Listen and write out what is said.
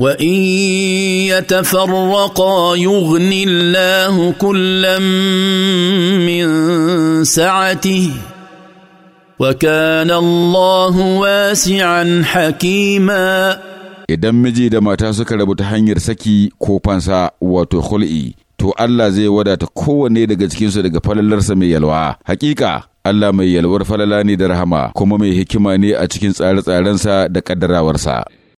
وان يتفرقا يغن الله كلا من سعته وكان الله واسعا حكيما idan miji da mata suka rabu ta hanyar saki ko fansa wato hul'i to Allah zai wadata kowanne daga cikinsu daga falalarsa mai yalwa hakika Allah mai yalwar falala ne da rahama kuma mai hikima ne a cikin tsare-tsarensa da ƙaddarawarsa.